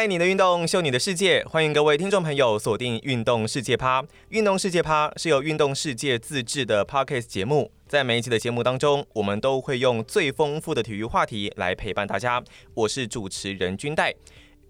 愛你的運動，秀你的視界。歡迎各位聽眾朋友鎖定運動視界啪《運動視界啪》，《運動視界啪》是由《運動視界》自製的 podcast 節目。在每一期的節目當中，我們都會用最豐富的體育話題來陪伴大家。我是主持人君戴。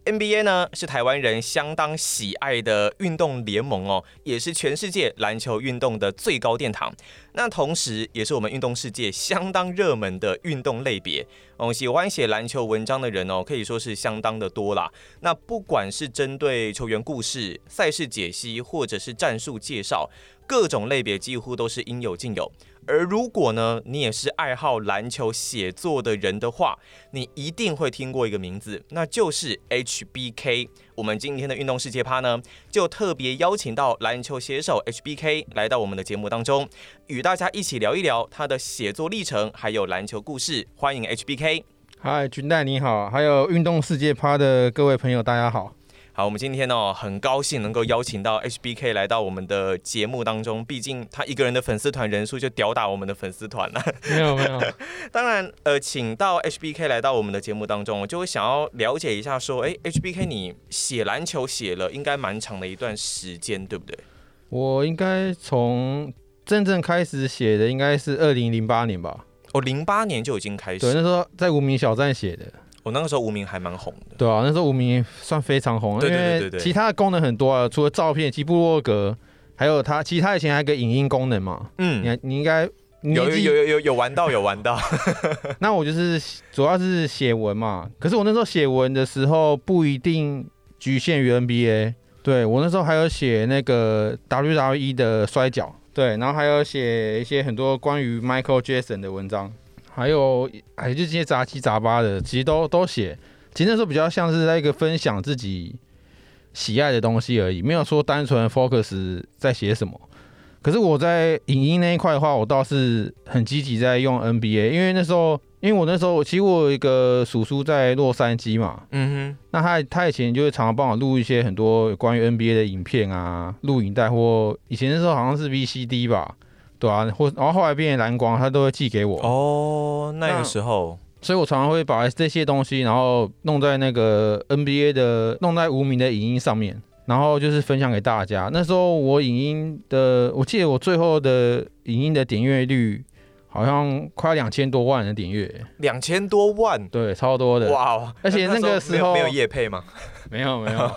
NBA 呢，是台灣人相當喜愛的運動聯盟哦，也是全世界籃球運動的最高殿堂。那同時，也是我們運動視界相當熱門的運動類別哦。喜歡寫籃球文章的人哦，可以說是相當的多啦。那不管是針對球員故事、賽事解析，或者是戰術介紹，各種類別幾乎都是應有盡有。而如果呢，你也是愛好籃球寫作的人的話，你一定會聽過一個名字，那就是 HBK。我們今天的運動視界啪呢，就特別邀請到籃球寫手 HBK 來到我們的節目當中，與大家一起聊一聊他的寫作歷程，還有籃球故事。歡迎 HBK。嗨，君代你好，還有運動視界啪的各位朋友，大家好。好，我們今天呢，很高興能夠邀請到 H B K 來到我們的節目當中。畢竟他一個人的粉絲團人數就屌打我們的粉絲團了沒？沒有沒有。當然，呃，請到 H B K 來到我們的節目當中，我就會想要了解一下，說，哎、欸、，H B K，你寫籃球寫了應該蠻長的一段時間，對不對？我應該從真正開始寫的應該是二零零八年吧？哦，零八年就已經開始了。對，那時候在無名小站寫的。我那個時候無名還蠻紅的，對啊，那時候無名算非常紅，對對對對對，因為其他的功能很多啊，除了照片及部落格，還有他，其他以前還有個影音功能嘛，嗯，你你應該有有有有有玩到有玩到，那我就是主要是寫文嘛，可是我那時候寫文的時候不一定局限於 NBA，對，我那時候還有寫那個 WWE 的摔角，對，然後還有寫一些很多關於 Michael Jackson 的文章。還有，還有就這些雜七雜八的，其實都都寫。其實那時候比較像是在一個分享自己喜愛的東西而已，沒有說單純 focus 在寫什麼。可是我在影音那一塊的話，我倒是很積極在用 NBA，因為那時候，因為我那時候其實我有一個叔叔在洛杉磯嘛，嗯哼，那他他以前就會常常幫我錄一些很多關於 NBA 的影片啊，錄影帶或以前那時候好像是 VCD 吧。對啊，或然後後來變成藍光，他都會寄給我。哦，oh, 那個時候，所以我常常會把這些東西，然後弄在那個 NBA 的，弄在無名的影音上面，然後就是分享給大家。那時候我影音的，我記得我最後的影音的點閱率，好像快兩千多萬的點閱、欸。兩千多萬，對，超多的。哇，Wow, 而且那個時候,時候沒有業配嗎？ 沒有，沒有。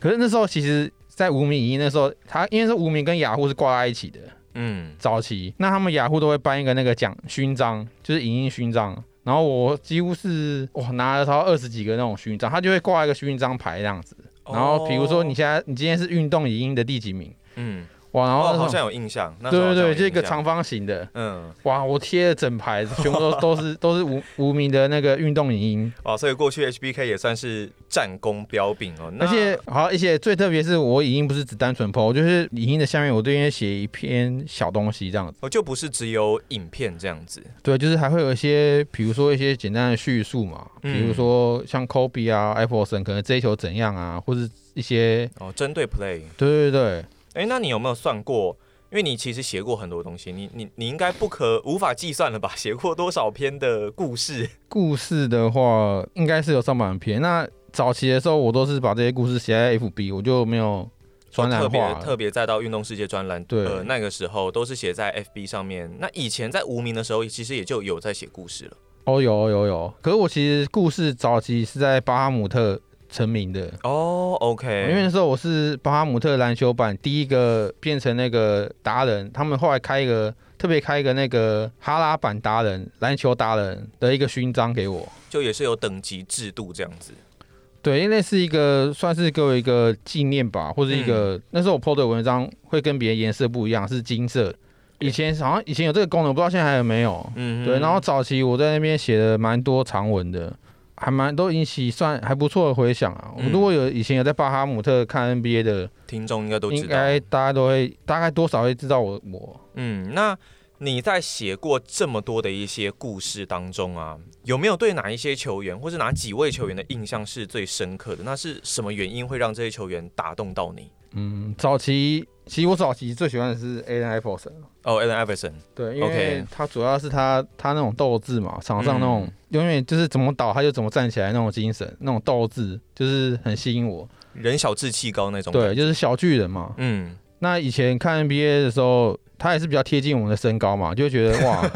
可是那時候其實，在無名影音那時候，他因為是無名跟雅虎、ah、是掛在一起的。嗯，早期那他們雅虎都會頒一個那個獎勳章，就是影音勳章。然後我幾乎是哇拿了超二十幾個那種勳章，他就會掛一個勳章牌這樣子。然後比如說你現在你今天是運動影音的第幾名？哦、嗯。哇，然後、哦、好像有印象，那印象對對對，就一個長方形的，嗯，哇，我貼了整排，全都都是 都是無無名的那個運動影音，哦，所以過去 HBK 也算是戰功彪炳哦、喔。那些好，一些最特別是我影音不是只單純 po，我就是影音的下面我都應該寫一篇小東西這樣子，哦，就不是只有影片這樣子，對，就是還會有一些，比如說一些簡單的敘述嘛，比如說像 Kobe 啊、艾佛森可能這一球怎樣啊，或者一些哦，針對 Play，對對對。哎、欸，那你有沒有算過？因為你其實寫過很多東西，你你你應該不可無法計算了吧？寫過多少篇的故事？故事的話，應該是有上百篇。那早期的時候，我都是把這些故事寫在 FB，我就沒有專欄、哦、特別特別再到運動視界專欄，對、呃，那個時候都是寫在 FB 上面。那以前在無名的時候，其實也就有在寫故事了。哦，有有有、有。可是我其實故事早期是在巴哈姆特。成名的哦、oh,，OK，因為那時候我是巴哈姆特籃球版第一個變成那個達人，他們後來開一個特別開一個那個哈拉版達人籃球達人的一個勳章給我，就也是有等級制度這樣子。對，因為是一個算是給我一個紀念吧，或者一個、嗯、那時候我 PO 的文章會跟別人顏色不一樣，是金色。以前對好像以前有這個功能，我不知道現在還有沒有。嗯哼，對。然後早期我在那邊寫了蠻多長文的。還蠻都引起算還不錯的回響啊。嗯、我如果有以前有在巴哈姆特看 NBA 的聽眾，應該都知道，應該大家都會大概多少會知道我我。嗯，那你在寫過這麼多的一些故事當中啊，有沒有對哪一些球員，或是哪幾位球員的印象是最深刻的？那是什麼原因會讓這些球員打動到你？嗯，早期其實我早期最喜歡的是 Allen Iverson 哦，Allen Iverson 對，因為他主要是他他那種鬥志嘛，Okay. 場上那種永遠、嗯、就是怎麼倒他就怎麼站起來那種精神，嗯、那種鬥志就是很吸引我，人小志氣高那種，對，就是小巨人嘛。嗯，那以前看 NBA 的時候，他也是比較貼近我們的身高嘛，就覺得哇，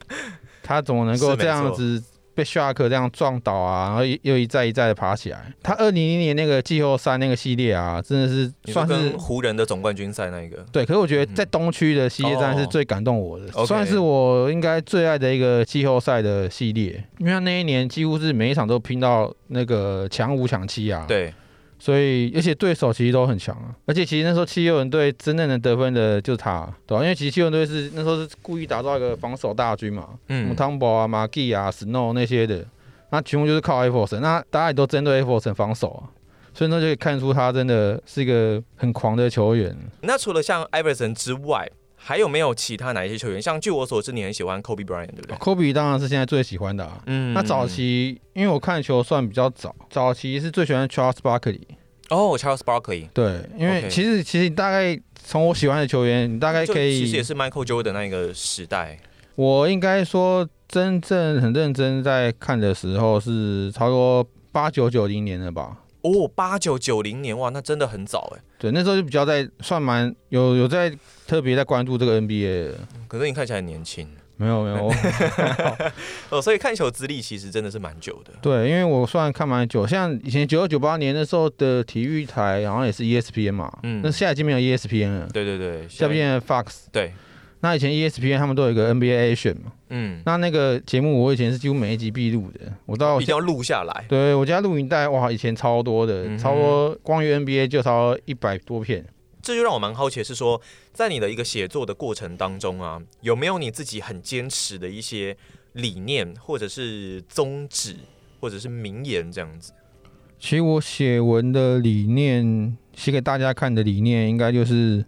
他怎麼能夠這樣子？被沙克這樣撞倒啊，然後又一再一再的爬起來。他二零零年那個季後賽那個系列啊，真的是算是湖人的總冠軍賽那一個。對，可是我覺得在東區的系列戰是最感動我的，嗯、算是我應該最愛的一個季後賽的系列，因為他那一年幾乎是每一場都拼到那個搶五搶七啊。對。所以，而且對手其實都很強啊。而且，其實那時候七六人隊真正能得分的就是他，對啊，因為其實七六人隊是那時候是故意打造一個防守大軍嘛，嗯，湯普、um、啊、馬基啊、Snow 那些的，那全部就是靠艾弗森。那大家也都針對艾弗森防守啊，所以那就可以看出他真的是一個很狂的球員。那除了像艾弗森之外，還有沒有其他哪一些球員？像據我所知，你很喜歡 Kobe Bryant，對不對？Oh,Kobe 當然是現在最喜歡的啊。嗯，那早期因為我看球算比較早，早期是最喜歡 Charles Barkley, oh, Charles Barkley。哦，Charles Barkley。對，因為其實 Okay. 其實你大概從我喜歡的球員，你大概可以其實也是 Michael Jordan 那個時代。我應該說，真正很認真在看的時候是差不多八九九零年了吧？哦，八九九零年，哇，那真的很早哎。對，那時候就比較在算蠻有有在。特別在關注這個 NBA，嗯，可是你看起來年輕，沒有沒有，哦， 所以看球資歷其實真的是蠻久的。對，因為我雖然看蠻久，像以前一九九八年那時候的體育台，然後也是 ESPN 嘛，嗯，那現在已經沒有 ESPN 了。對對對，現在下面變 Fox。對，那以前 ESPN 他們都有一個 NBA 選嘛，嗯，那那個節目我以前是幾乎每一集必錄的，我到一定要錄下來。對我家錄影帶哇，以前超多的，超多，光於 NBA 就超一百多片。嗯這就讓我蠻好奇，是說在你的一個寫作的過程當中啊，有沒有你自己很堅持的一些理念，或者是宗旨，或者是名言這樣子？其實我寫文的理念，寫給大家看的理念，應該就是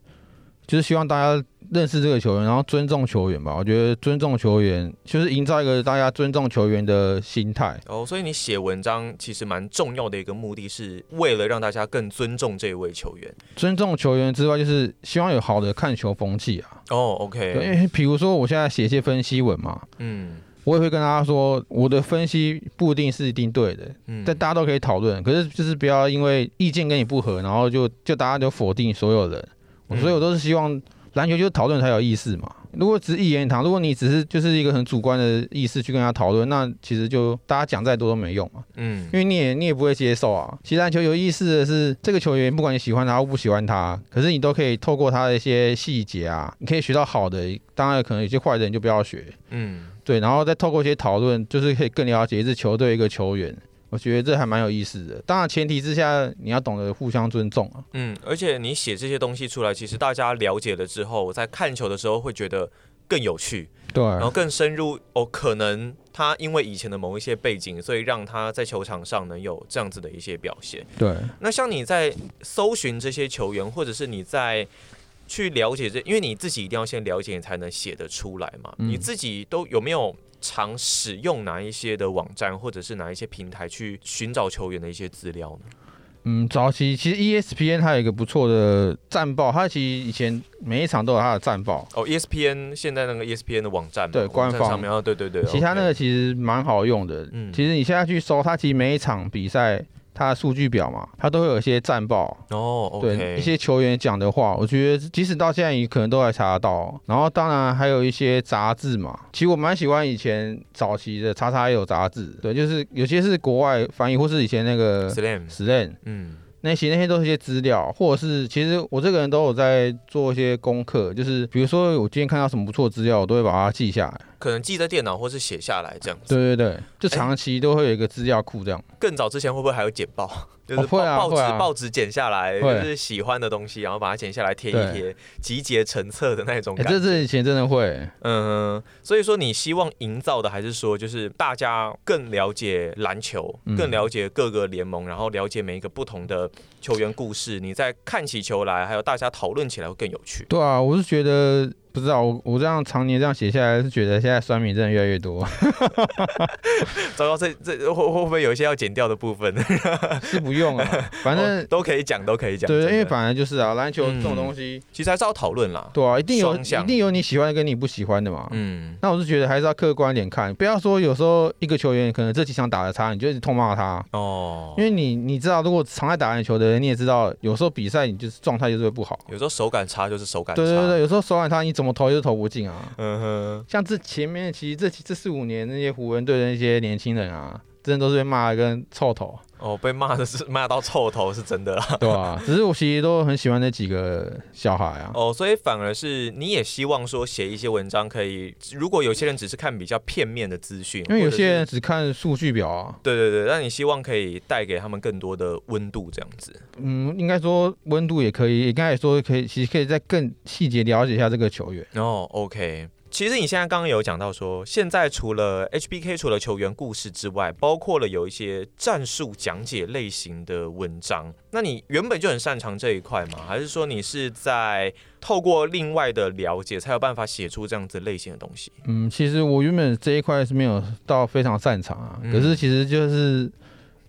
就是希望大家。認識這個球員，然後尊重球員吧。我覺得尊重球員就是營造一個大家尊重球員的心態。哦，所以你寫文章其實蠻重要的一個目的是為了讓大家更尊重這位球員。尊重球員之外，就是希望有好的看球風氣啊。哦，OK。因為比如說我現在寫一些分析文嘛，嗯，我也會跟大家說我的分析不一定是一定對的，嗯，但大家都可以討論。可是就是不要因為意見跟你不合，然後就就大家就否定所有人。嗯，所以我都是希望。籃球就是討論才有意思嘛。如果只是一言堂，如果你只是就是一個很主觀的意思去跟他討論，那其實就大家講再多都沒用嘛。嗯，因為你也你也不會接受啊。其實籃球有意思的是，這個球員不管你喜歡他或不喜歡他，可是你都可以透過他的一些細節啊，你可以學到好的，當然可能有些壞的人就不要學。嗯，對，然後再透過一些討論，就是可以更了解一支球隊一個球員。我覺得這還蠻有意思的，當然前提之下你要懂得互相尊重啊。嗯，而且你寫這些東西出來，其實大家了解了之後，在看球的時候會覺得更有趣，對，然後更深入哦。可能他因為以前的某一些背景，所以讓他在球場上能有這樣子的一些表現，對。那像你在搜尋這些球員，或者是你在去了解這，因為你自己一定要先了解，你才能寫得出來嘛。嗯，你自己都有沒有常使用哪一些的網站或者是哪一些平台去尋找球員的一些資料呢？嗯，早期其實 ESPN 它有一個不錯的戰報，它其實以前每一場都有它的戰報哦。ESPN 現在那個 ESPN 的網站，對官方哦，對對對，其他那個其實蠻好用的。嗯，其實你現在去搜，它其實每一場比賽。他的數據表嘛，他都會有一些戰報哦，oh, okay. 對一些球員講的話，我覺得即使到現在你可能都還查得到。然後當然還有一些雜誌嘛，其實我蠻喜歡以前早期的查查也有雜誌，對，就是有些是國外翻譯，或是以前那個 slam slam，嗯，那些那些都是一些資料，或者是其實我這個人都有在做一些功課，就是比如說我今天看到什麼不錯的資料，我都會把它記下來。可能記在電腦，或是寫下來這樣子。對對對，就長期都會有一個資料庫這樣。更早之前會不會還有剪報？就是報紙報紙剪下來，就是喜歡的東西，然後把它剪下來貼一貼，集結成冊的那種感覺。這是以前真的會，嗯。所以說，你希望營造的還是說，就是大家更了解籃球，更了解各個聯盟，然後了解每一個不同的球員故事，你再看起球來，還有大家討論起來會更有趣。對啊，我是覺得。不知道我我這樣常年這樣寫下來，是覺得現在酸民真的越來越多。找 到這這會會不會有一些要剪掉的部分？ 是不用啊，反正都可以講，都可以講。對，對，對的因為反正就是啊，籃球這種東西，嗯、其實還是要討論啦。對啊，一定有，向一定有你喜歡的跟你不喜歡的嘛。嗯，那我是覺得還是要客觀一點看，不要說有時候一個球員可能這幾場打得差，你就一直痛罵他哦。因為你你知道，如果常愛打籃球的人，你也知道有時候比賽你就是狀態就是會不好，有時候手感差就是手感差。對對對，有時候手感差，你總我投就是投不進啊！嗯哼，像這前面其實這這四五年那些湖人隊的那些年輕人啊，真的都是被罵跟臭頭。哦，被罵的是罵到臭頭，是真的啦。對啊，只是我其實都很喜歡那幾個小孩啊。 哦，所以反而是你也希望說寫一些文章，可以如果有些人只是看比較片面的資訊，因為有些人只看數據表啊。對對對，那你希望可以帶給他們更多的溫度，這樣子。嗯，應該說溫度也可以，應該也說可以，其實可以再更細節了解一下這個球員。然後、哦，OK。其實你現在剛剛有講到說，現在除了 HBK，除了球員故事之外，包括了有一些戰術講解類型的文章。那你原本就很擅長這一塊嗎？還是說你是在透過另外的了解才有辦法寫出這樣子類型的東西？嗯，其實我原本這一塊是沒有到非常擅長啊。嗯，可是其實就是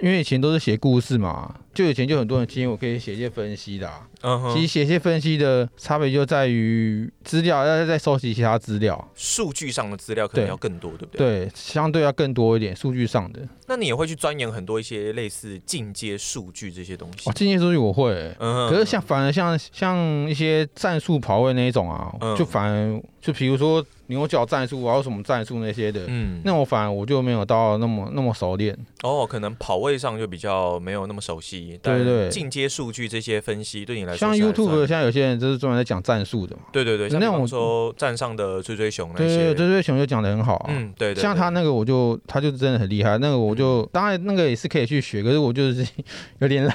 因為以前都是寫故事嘛。就以前就很多人聽，我可以寫一些分析的，啊。嗯哼，其實寫一些分析的差別就在於資料，要再收集其他資料，數據上的資料可能要更多，對，對不對？對，相對要更多一點數據上的。那你也會去鑽研很多一些類似進階數據這些東西？進階數據我會、欸，嗯、哼可是像反而像像一些戰術跑位那一種啊，嗯、就反而就比如說牛角戰術啊，有什麼戰術那些的，嗯，那我反而我就沒有到那麼那麼熟練。哦，可能跑位上就比較沒有那麼熟悉。對，對對，進階數據這些分析對你來說，像 YouTube 像有些人就是專門在講戰術的嘛。對對對，像那種說站上的追追熊那些，對對，追追熊就講的很好。嗯，對。像他那個我就，他就真的很厲害。那個我就，嗯、當然那個也是可以去學，可是我就是有點懶。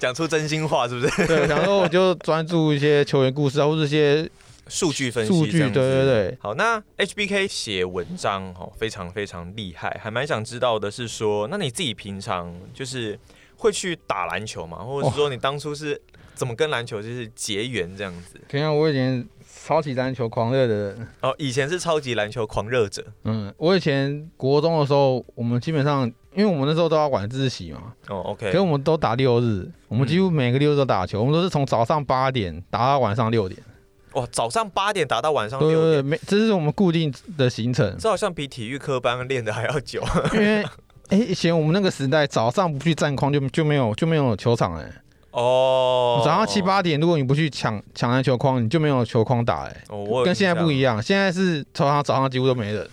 講 出真心話是不是？對，然後我就專注一些球員故事啊，或者一些數據分析。對對對。好，那 H B K 寫文章哦，非常非常厲害，還蠻想知道的是說，那你自己平常就是。會去打籃球嗎或者是說你當初是怎麼跟籃球就是結緣這樣子？對、哦、啊，我以前超級籃球狂熱的哦，以前是超級籃球狂熱者。嗯，我以前國中的時候，我們基本上因為我們那時候都要晚自習嘛，哦，OK，跟我們都打六日，我們幾乎每個六日都打球，嗯、我們都是從早上八點打到晚上六點。哇，早上八點打到晚上六點，對對,對這是我們固定的行程。這好像比體育科班練得還要久。 因為哎、欸，以前我們那個時代，早上不去佔筐就就沒有就沒有球場哎、欸。哦，早上七八點，如果你不去搶搶籃球框，你就沒有球框打哎、欸。哦、跟現在不一樣，現在是通常早上幾乎都沒人，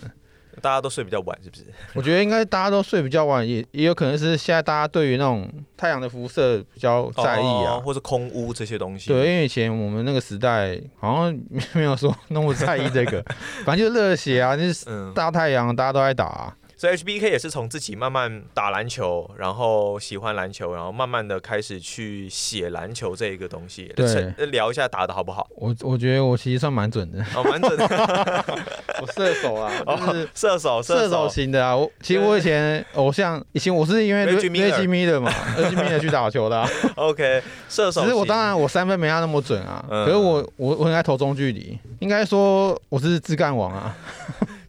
大家都睡比較晚，是不是？我覺得應該大家都睡比較晚，也也有可能是現在大家對於那種太陽的輻射比較在意啊，哦、或是空污這些東西。對，因為以前我們那個時代好像沒有說 那麼在意這個，反正 就熱血啊，就是大太陽，大家都在打、啊。所以 HBK 也是從自己慢慢打籃球，然後喜歡籃球，然後慢慢的開始去寫籃球這一個東西。對，聊一下打的好不好？我我覺得我其實算蠻準的，哦蠻準的，我射手啊，射手射手型的啊。我其實我以前偶像，以前我是因為 n m e 的嘛 m e 的去打球的。OK，射手。其實我當然我三分沒他那麼準啊，可是我我我應該投中距離，應該說我是自幹王啊。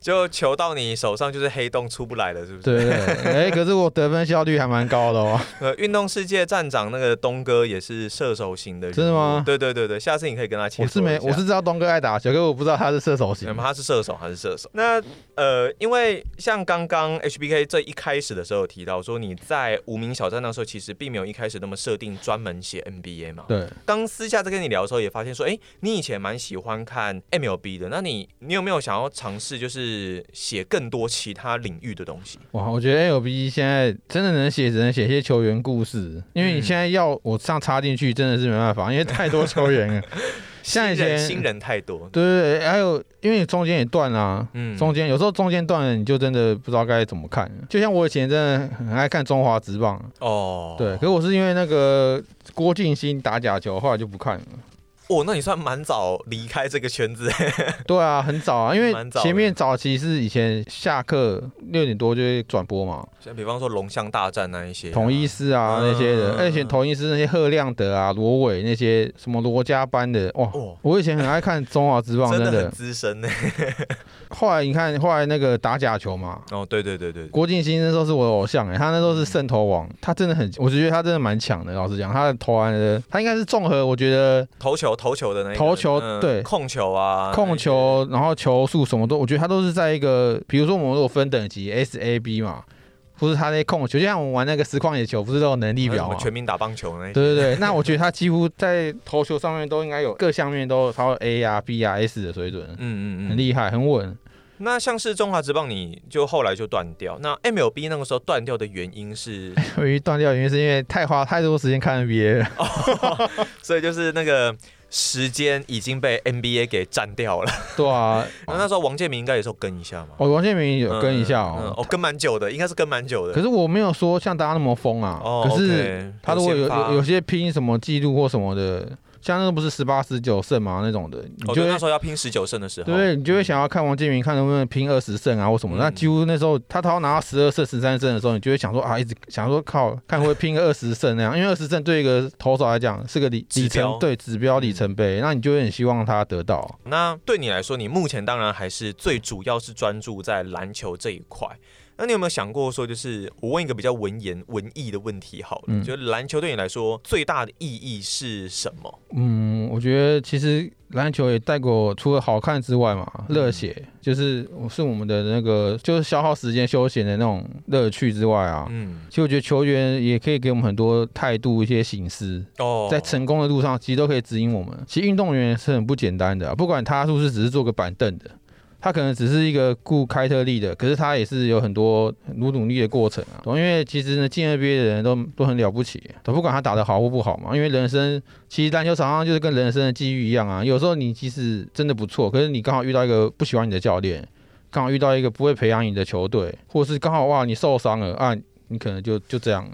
就球到你手上就是黑洞出不來了，是不是？對對對。對、欸、哎，可是我得分效率還蠻高的哦。 呃，運動世界站長那個東哥也是射手型的人。是嗎？對對對對，下次你可以跟他切磋一下。我是沒，我是知道東哥愛打球，可是我不知道他是射手型。那麼、嗯、他是射手還是射手？那呃，因為像剛剛 H B K 這一開始的時候有提到說，你在無名小站那時候其實並沒有一開始那麼設定專門寫 N B A 嘛。對。剛私下在跟你聊的時候也發現說，哎，你以前蠻喜歡看 M L B 的，那你你有沒有想要嘗試就是？是寫更多其他領域的東西哇！我覺得 L B 現在真的能寫，只能寫些球員故事，因為你現在要我這樣插進去，真的是沒辦法，因為太多球員了。現在 新,人新人太多，對,對對，還有因為你中間也斷啦、啊，嗯，中間有時候中間斷了，你就真的不知道該怎麼看。就像我以前真的很愛看《中華職棒》哦，對，可是我是因為那個郭進興打假球，後來就不看了。哦，那你算蠻早離開這個圈子。 對啊，很早啊，因為前面早期是以前下課六點多就會轉播嘛，像比方說龍象大戰那一些，啊，統一獅啊那些的，嗯，而且統一獅那些賀亮德啊、羅偉那些什麼羅家班的，哇，哦，我以前很愛看中華職棒，真的資深呢。 後來你看後來那個打假球嘛，哦，對對對對，郭進興先生都是我的偶像，哎，他那都是勝投王，嗯，他真的很，我就覺得他真的蠻強的，老實講，他的投籃，嗯，他應該是綜合我覺得投球。投球的那個投球，嗯、對控球啊控球。然後球速什麼都，我覺得他都是在一個，比如說我們如果分等級 S A B 嘛，不是他那控球，就像我們玩那個實況野球，不是都有能力表嗎？全民打棒球那些對對對。 那我覺得他幾乎在投球上面都應該有各項面都超 A 呀，啊、B 呀，啊、S 的水準，嗯嗯，嗯很厲害很穩。那像是中華職棒，你就後來就斷掉。那 MLB 那個時候斷掉的原因是，因為斷掉原因是因為太花太多時間看 NBA 了， 所以就是那個。時間已經被 NBA 給佔掉了。對啊， 那，那時候王建民應該也是有跟一下嘛。哦，王建民有跟一下哦，嗯嗯、哦，跟蠻久的，應該是跟蠻久的。可是我沒有說像大家那麼瘋啊，哦、可是他如果有有，有些拼什麼記錄或什麼的。像那個不是十八、十九勝嘛那種的，你就會、哦、那時候要拼十九勝的時候，對，你就會想要看王建民看能不能拼二十勝啊或什麼。嗯、那幾乎那時候他他拿到十二勝、十三勝的時候，你就會想說啊，一直想說靠，看會拼個二十勝那樣， 因為二十勝對一個投手來講是個里，指標、里程，對，指標里程碑，嗯、那你就會很希望他得到。那對你來說，你目前當然還是最主要是專注在籃球這一塊。那你有沒有想過說，就是我問一個比較文言文藝的問題好了，覺得籃球對你來說最大的意義是什麼？嗯，我覺得其實籃球也帶給我，除了好看之外嘛，熱血，嗯、就是我是我們的那個就是消耗時間休閒的那種樂趣之外啊，嗯，其實我覺得球員也可以給我們很多態度一些省思哦，在成功的路上其實都可以指引我們。其實運動員是很不簡單的、啊，不管他是不是只是坐個板凳的。他可能只是一個顧開特利的，可是他也是有很多努努力的過程啊，懂？因為其實呢，進 NBA 的人都都很了不起、啊，都不管他打得好或不好嘛。因為人生其實籃球場上就是跟人生的際遇一樣啊，有時候你其實真的不錯，可是你剛好遇到一個不喜歡你的教練，剛好遇到一個不會培養你的球隊，或是剛好哇你受傷了啊，你可能就就這樣了，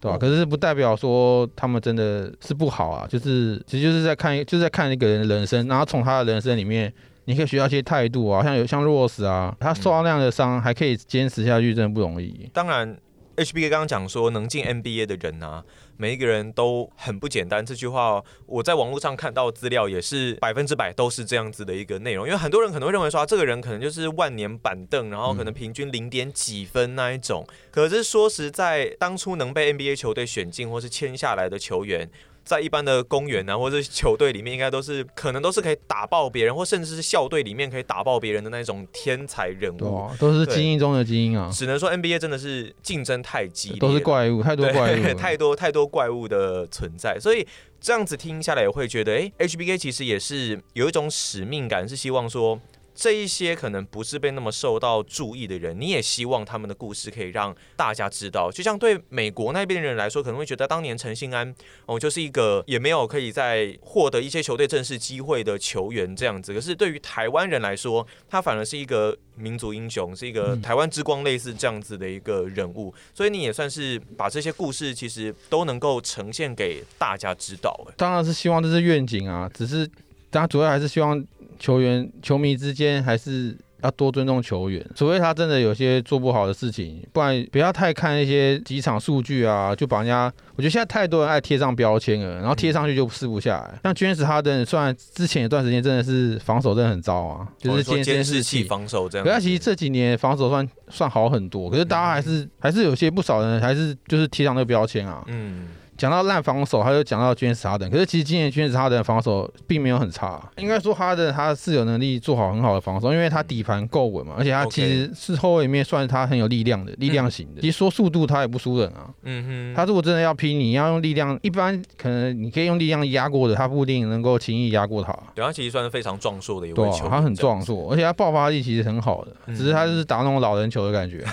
對吧、啊？哦、可是不代表說他們真的是不好啊，就是其實就是在看，就是在看一個人的人生，然後從他的人生裡面。你可以學到一些態度啊，像有像羅斯啊，他受到那樣的傷、嗯、還可以堅持下去，真的不容易。當然，H. B. K. 剛剛講說能進 N. B. A. 的人啊，每一個人都很不簡單。這句話、哦、我在網絡上看到的資料也是百分之百都是這樣子的一個內容。因為很多人可能會認為說、啊，這個人可能就是萬年板凳，然後可能平均零點幾分那一種。嗯、可是說實在，當初能被 N. B. A. 球隊選進或是簽下來的球員，在一般的公園啊，或者球隊裡面，應該都是可能都是可以打爆別人，或甚至是校隊裡面可以打爆別人的那種天才人物，啊、都是精英中的精英啊。只能說 NBA 真的是競爭太激烈，都是怪物，太多怪物，太多太多怪物的存在。所以這樣子聽下來，也會覺得，哎、欸，HBK 其實也是有一種使命感，是希望說。這一些可能不是被那麼受到注意的人，你也希望他們的故事可以讓大家知道。就像對美國那邊的人來說，可能會覺得當年陳信安哦，就是一個也沒有可以再獲得一些球隊正式機會的球員這樣子。可是對於台灣人來說，他反而是一個民族英雄，是一個台灣之光，類似這樣子的一個人物。嗯、所以你也算是把這些故事其實都能夠呈現給大家知道。當然是希望這是願景啊，只是大家主要還是希望。球員、球迷之間還是要多尊重球員。除非他真的有些做不好的事情，不然不要太看一些幾場數據啊，就把人家。我覺得現在太多人愛貼上標籤了，然後貼上去就撕不下來。嗯、像詹姆斯哈登他真的算之前一段時間真的是防守真的很糟啊，就是監視器防守這樣。可是他其實這幾年防守算算好很多，可是大家還是、嗯、還是有些不少人還是就是貼上那個標籤啊。嗯。講到爛防守，他就講到詹士哈登。可是其實今年詹士哈登防守並沒有很差，應該說他的，他是有能力做好很好的防守，因為他底盤夠穩嘛，而且他其實是後衛裡面算他很有力量的力量型的。Okay. 其實說速度他也不輸人啊，嗯哼，他如果真的要拼，你要用力量，一般可能你可以用力量壓過的，他不一定能夠輕易壓過他。對，他其實算是非常壯碩的一位球員對、啊、他很壯碩，而且他爆發力其實很好的，只是他是打那種老人球的感覺。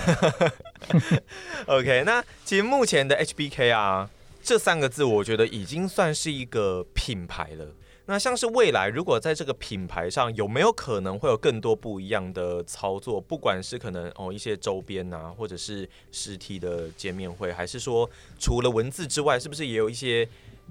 OK，那其實目前的 HBK 啊。這三個字，我覺得已經算是一個品牌了。那像是未來，如果在這個品牌上，有沒有可能會有更多不一樣的操作？不管是可能哦一些周邊吶、啊，或者是實體的見面會，還是說除了文字之外，是不是也有一些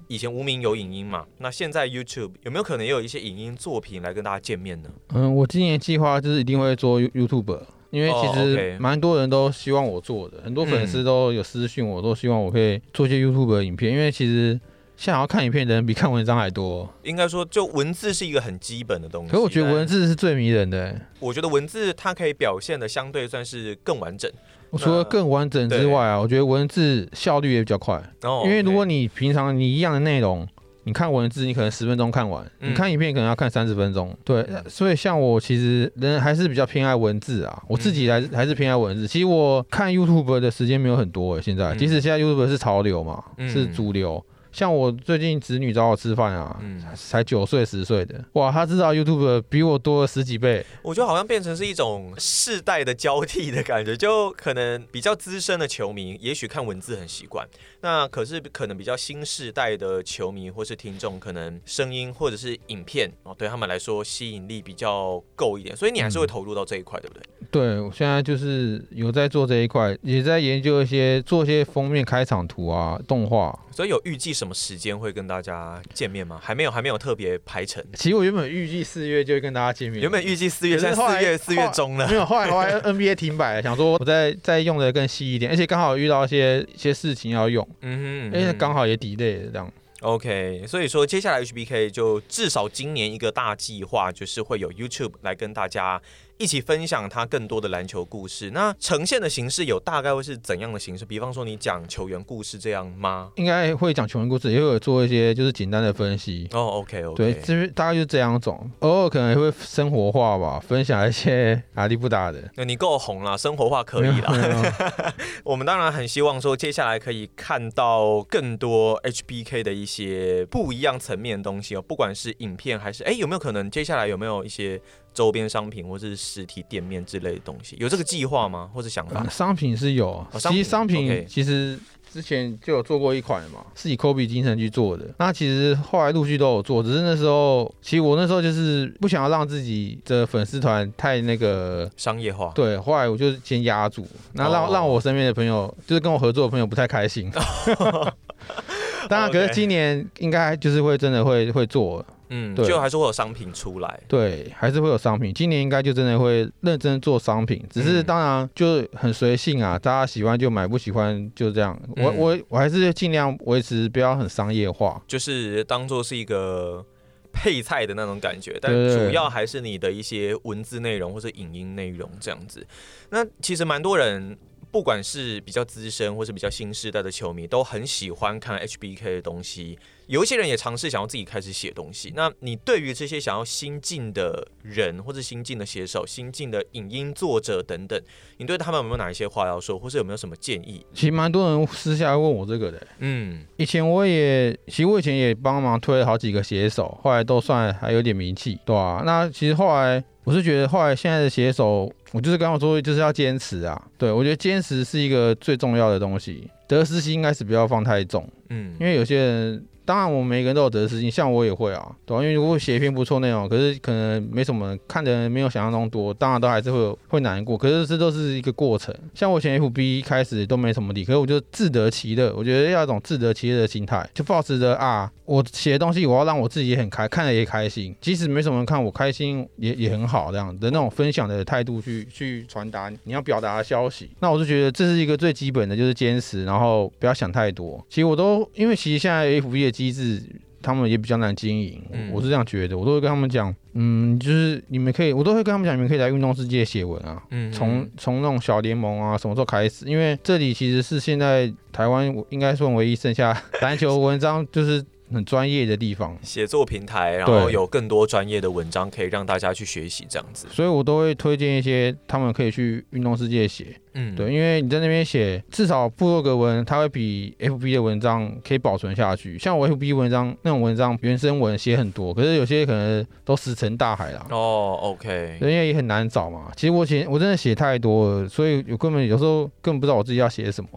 以前無名有影音嘛？那現在 YouTube 有沒有可能也有一些影音作品來跟大家見面呢？嗯，我今年的計劃就是一定會做 YouTube。You 因為其實蠻多人都希望我做的，oh, okay 很多粉絲都有私信我，嗯、都希望我可以做一些 YouTube 的影片。因為其實現在要看影片的人比看文章還多，應該說就文字是一個很基本的東西。可是我覺得文字是最迷人的，欸，我覺得文字它可以表現的相對算是更完整。我除了更完整之外啊，那我覺得文字效率也比較快，oh, okay 因為如果你平常你一樣的內容，你看文字，你可能十分鐘看完；嗯、你看影片，可能要看三十分鐘。對，嗯、所以像我其實人還是比較偏愛文字啊，嗯、我自己還是還是偏愛文字。其實我看 YouTube 的時間沒有很多哎、欸，現在、嗯、即使現在 YouTube 是潮流嘛，嗯、是主流。像我最近姪女找我吃飯啊，嗯，才九歲十歲的，哇，他知道 YouTube 比我多了十幾倍，我覺得好像變成是一種世代的交替的感覺，就可能比較資深的球迷，也許看文字很習慣，那可是可能比較新世代的球迷或是聽眾，可能聲音或者是影片哦，對他們來說吸引力比較夠一點，所以你還是會投入到這一塊，嗯、對不對？對，我現在就是有在做這一塊，也在研究一些做一些封面開場圖啊，動畫，所以有預計什麼？什麼時間會跟大家見面嗎？還沒有，還沒有特別排程。其實我原本預計四月就會跟大家見面，原本預計四月，但四月，四月中了，沒有，後來後來 NBA 停擺了， 想說我再再用得更細一點，而且剛好遇到一些一些事情要用，嗯，哼嗯哼，因為剛好也 delay 了這樣。OK，所以說接下來 HBK 就至少今年一個大計劃就是會有 YouTube 來跟大家。一起分享他更多的籃球故事。那呈現的形式有大概會是怎樣的形式？比方說你講球員故事這樣嗎？應該會講球員故事，也會有做一些就是簡單的分析。哦、oh,，OK，OK，okay ,、okay. 對，大概就是這兩種，偶爾可能也會生活化吧，分享一些阿里不達的。那你夠紅了，生活化可以了。 我們當然很希望說接下來可以看到更多 HBK 的一些不一樣層面的東西哦、喔，不管是影片還是哎、欸，有沒有可能接下來有沒有一些？周邊商品或者是實體店面之類的東西，有這個計劃嗎？或者想法、嗯？商品是有，哦、其實商品，商品、okay、其實之前就有做過一款嘛，是以 Kobe 精神去做的。那其實後來陸續都有做，只是那時候其實我那時候就是不想要讓自己的粉絲團太那個商業化。對，後來我就先壓住，那讓、哦、讓我身邊的朋友就是跟我合作的朋友不太開心。哦、 當然，哦 okay、可是今年應該就是會真的會會做。嗯，就對還是會有商品出來。對，還是會有商品。今年應該就真的會認真做商品，只是當然就很隨性啊，嗯、大家喜歡就買，不喜歡就這樣。嗯、我我我還是盡量維持不要很商業化，就是當做是一個配菜的那種感覺。但主要還是你的一些文字內容或者影音內容這樣子。那其實蠻多人。不管是比較資深，或是比較新世代的球迷，都很喜歡看 HBK 的東西。有一些人也嘗試想要自己開始寫東西。那你對於這些想要新進的人，或者新進的寫手、新進的影音作者等等，你對他們有沒有哪一些話要說，或是有沒有什麼建議？其實蠻多人私下問我這個的。嗯，以前我也，其實我以前也幫忙推了好幾個寫手，後來都算還有點名氣，對啊，那其實後來。我是覺得，後來現在的寫手，我就是剛剛說，就是要堅持啊。對，我覺得堅持是一個最重要的東西，得失心應該是不要放太重。嗯，因為有些人。當然，我們每個人都有得失心，像我也會啊，對啊，因為如果寫一篇不錯內容，可是可能沒什麼看的人，沒有想象中多，當然都還是會會難過。可是這都是一個過程，像我以前 F B 一開始都沒什麼理，可是我就自得其樂。我覺得要一種自得其樂的心態，就抱持着啊，我寫的東西，我要讓我自己也很開，看了也開心。即使沒什麼人看，我開心也也很好。這樣的那種分享的態度去去傳達你要表達的消息，那我就覺得這是一個最基本的就是堅持，然後不要想太多。其實我都因為其實現在 F B 也機制他們也比較難經營，我是這樣覺得。我都會跟他們講，嗯，就是你們可以，我都會跟他們講，你們可以來運動視界寫文啊，從從那種小聯盟啊什麼時候開始？因為這裡其實是現在台灣應該算唯一剩下籃球文章就是。 很專業的地方，寫作平台，然後有更多專業的文章可以讓大家去學習，這樣子。所以我都會推薦一些他們可以去運動視界寫，嗯，對，因為你在那邊寫，至少部落格文，它會比 F B 的文章可以保存下去。像我 F B 文章那種文章，原生文寫很多，可是有些可能都石沉大海了。哦，OK，人家也很難找嘛。其實我寫，我真的寫太多了，所以有根本有時候根本不知道我自己要寫什麼。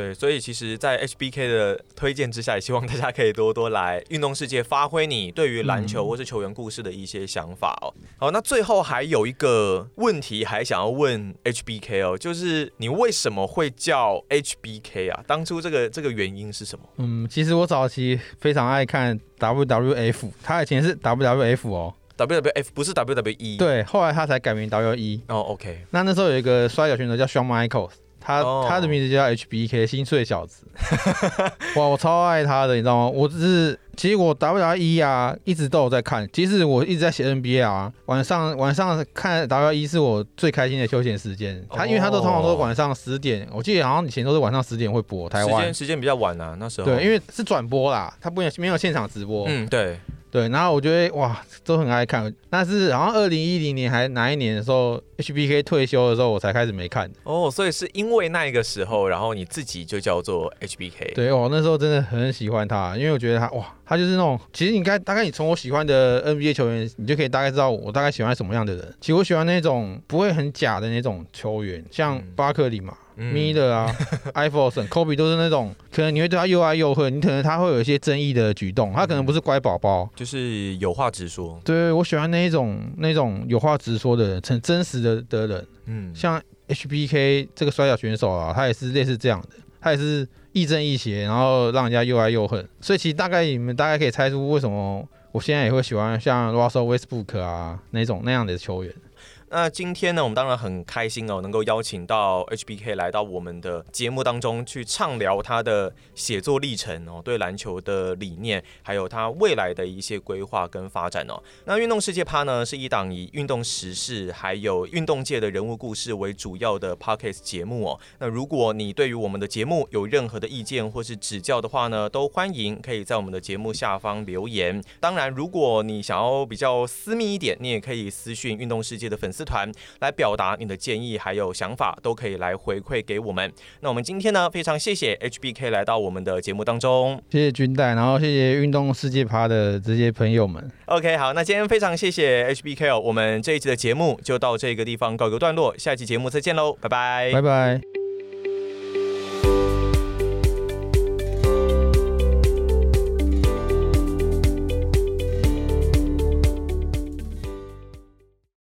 對，所以其實，在 H B K 的推薦之下，也希望大家可以多多來運動視界，發揮你對於籃球或是球員故事的一些想法哦。嗯、好，那最後還有一個問題還想要問 H B K 哦，就是你為什麼會叫 H B K 啊？當初這個這個原因是什麼？嗯，其實我早期非常愛看 W W F，他以前是 W W F 哦，W W F 不是 W W E，對，後來他才改名 W W E。哦，OK。那那時候有一個摔角選手叫 Shawn Michaels 他、oh. 他的名字叫 H.B.K，心碎小子， 哇，我超愛他的，你知道嗎？我只、就是。其實我 W W E 啊，一直都有在看。其實我一直在寫 N B A 啊，晚上晚上看 W W E 是我最開心的休閒時間。他因為他都通常都晚上十點，我記得好像以前都是晚上十點會播。台灣時間比較晚啊，那時候對，因為是轉播啦，他不沒有現場直播。嗯，對對。然後我覺得哇，都很愛看。但是好像二零一零年還哪一年的時候，H B K 退休的時候，我才開始沒看。哦，所以是因為那個時候，然後你自己就叫做 H B K。對哦，我那時候真的很喜歡他，因為我覺得他哇。他就是那種，其實你該大概你從我喜歡的 NBA 球員，你就可以大概知道我大概喜歡什麼樣的人。其實我喜歡那種不會很假的那種球員，像巴克裡嘛、嗯、米 r 啊、艾佛森、科比 都是那種，可能你會對他又愛又恨。你可能他會有一些爭議的舉動，嗯、他可能不是乖寶寶，就是有話直說。對，我喜歡那一種那種有話直說的人，很真實的的人。嗯，像 H P K 這個摔跤選手啊，他也是類似這樣的，他也是。亦正亦邪，然後讓人家又愛又恨，所以其實大概你們大概可以猜出為什麼我現在也會喜歡像 Russell Westbrook 啊，那種那樣的球員。那今天呢，我們當然很開心哦，能夠邀請到 HBK 來到我們的節目當中去暢聊他的寫作歷程哦，對籃球的理念，還有他未來的一些規劃跟發展哦。那《運動視界啪》呢是一檔以運動時事還有運動界的人物故事為主要的 Podcast 節目哦。那如果你對於我們的節目有任何的意見或是指教的話呢，都歡迎可以在我們的節目下方留言。當然，如果你想要比較私密一點，你也可以私訊《運動視界》的粉絲。團來表達你的建議，還有想法都可以來回饋給我們。那我們今天呢，非常謝謝 HBK 來到我們的節目當中，謝謝軍代，然後謝謝運動世界趴的這些朋友們。OK，好，那今天非常謝謝 HBK 哦，我們這一期的節目就到這個地方告一個段落，下期節目再見嘍，拜拜，拜拜。